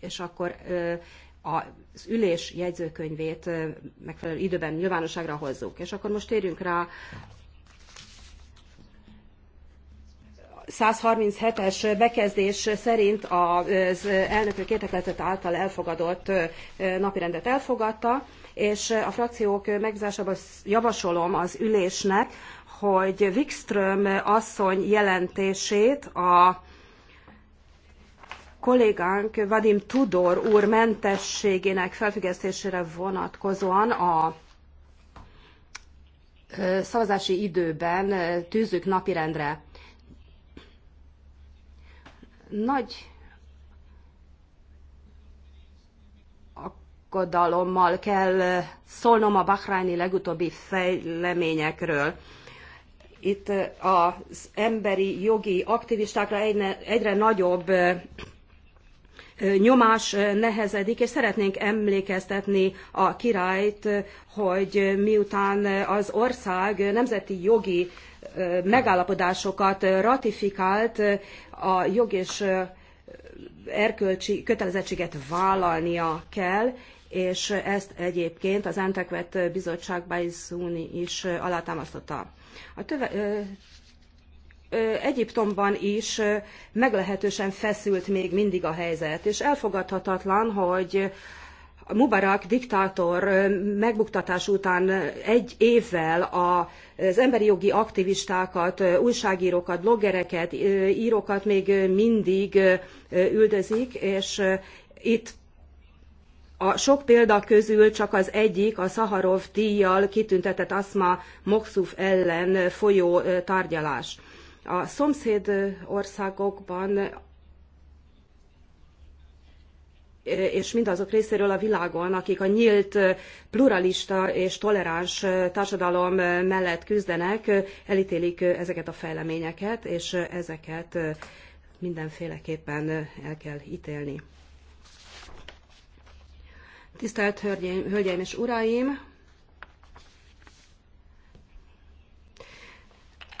és akkor az ülés jegyzőkönyvét megfelelő időben nyilvánosságra hozzuk. És akkor most térjünk rá 137-es bekezdés szerint az elnökök értekezlet által elfogadott napirendet elfogadta, és a frakciók megbízásában javasolom az ülésnek, hogy Wikström asszony jelentését a kollégánk Vadim Tudor úr mentességének felfüggesztésére vonatkozóan a szavazási időben tűzzük napirendre. Nagy aggodalommal kell szólnom a bahráni legutóbbi fejleményekről. Itt az emberi jogi aktivistákra egyre nagyobb nyomás nehezedik, és szeretnénk emlékeztetni a királyt, hogy miután az ország nemzeti jogi megállapodásokat ratifikált, a jog és erkölcsi kötelezettséget vállalnia kell, és ezt egyébként az Antekvet Bizottság Bajszúni is alátámasztotta. A töve, Egyiptomban is meglehetősen feszült még mindig a helyzet, és elfogadhatatlan, hogy Mubarak diktátor megbuktatás után egy évvel az emberi jogi aktivistákat, újságírókat, bloggereket, írókat még mindig üldözik, és itt a sok példa közül csak az egyik a Szaharov díjjal kitüntetett Asma Moksuf ellen folyó tárgyalás. A szomszéd országokban és mindazok részéről a világon, akik a nyílt, pluralista és toleráns társadalom mellett küzdenek, elítélik ezeket a fejleményeket, és ezeket mindenféleképpen el kell ítélni. Tisztelt Hölgyeim és Uraim!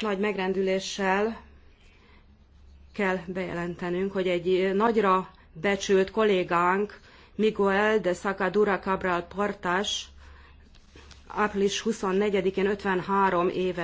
nagy megrendüléssel kell bejelentenünk, hogy egy nagyra becsült kollégánk, Miguel de Sacadura Cabral Portas, április 24-én 53 éve